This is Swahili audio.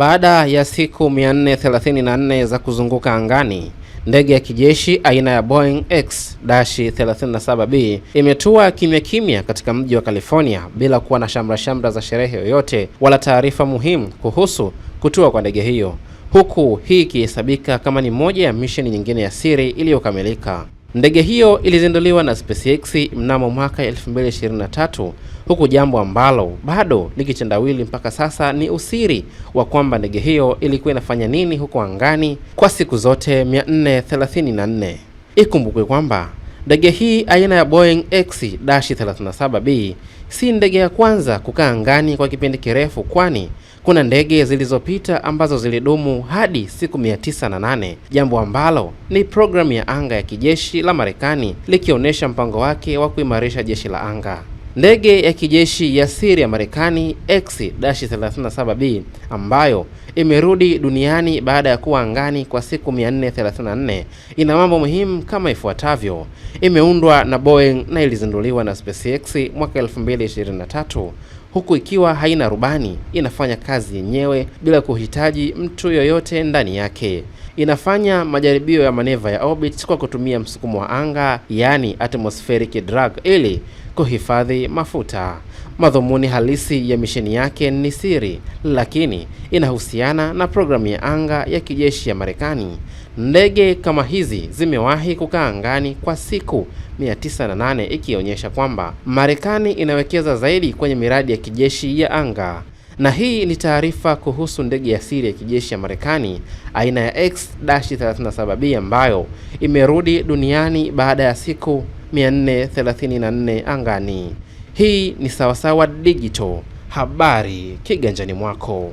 Baada ya siku 434 za kuzunguka angani, ndege ya kijeshi aina ya Boeing X-37B imetua kimya kimya katika mji wa California bila kuwa na shamra shamra za sherehe yoyote wala taarifa muhimu kuhusu kutua kwa ndege hiyo, huku hii ikihesabika kama ni moja ya misheni nyingine ya siri iliyokamilika. Ndege hiyo ilizinduliwa na SpaceX mnamo mwaka 2023 huku jambo ambalo bado ni mpaka sasa ni usiri wa kwamba ndege hiyo ilikuwa inafanya nini huko angani kwa siku zote 434. Ikumbukwe kwamba ndege hii aina ya Boeing X-37B si ndege ya kwanza kukaa angani kwa kipindi kirefu, kwani kuna ndege zilizopita ambazo zilidumu hadi siku 908, jambo ambalo ni programu ya anga ya kijeshi la Marekani likionyesha mpango wake wa kuimarisha jeshi la anga. Ndege ya kijeshi ya siri ya Marekani X-37B ambayo imerudi duniani baada ya kuwa angani kwa siku 434. Ina mambo muhimu kama ifuatavyo: imeundwa na Boeing na ilizinduliwa na SpaceX mwaka 2023 huku ikiwa haina rubani, inafanya kazi yenyewe bila kuhitaji mtu yoyote ndani yake. Inafanya majaribio ya maneva ya orbit kwa kutumia msukumo wa anga, yaani atmospheric drag, ili kuhifadhi mafuta. Madhumuni halisi ya misheni yake ni siri, lakini inahusiana kuhusiana na programu ya anga ya kijeshi ya Marekani. Ndege kama hizi zimewahi kukaa angani kwa siku 908 ikionyesha kwamba Marekani inawekeza zaidi kwenye miradi ya kijeshi ya anga. Na hii ni taarifa kuhusu ndege ya siri ya kijeshi ya Marekani aina ya X-37B ambayo imerudi duniani baada ya siku 434 angani. Hii ni Sawasawa Digital, habari kiganjani mwako.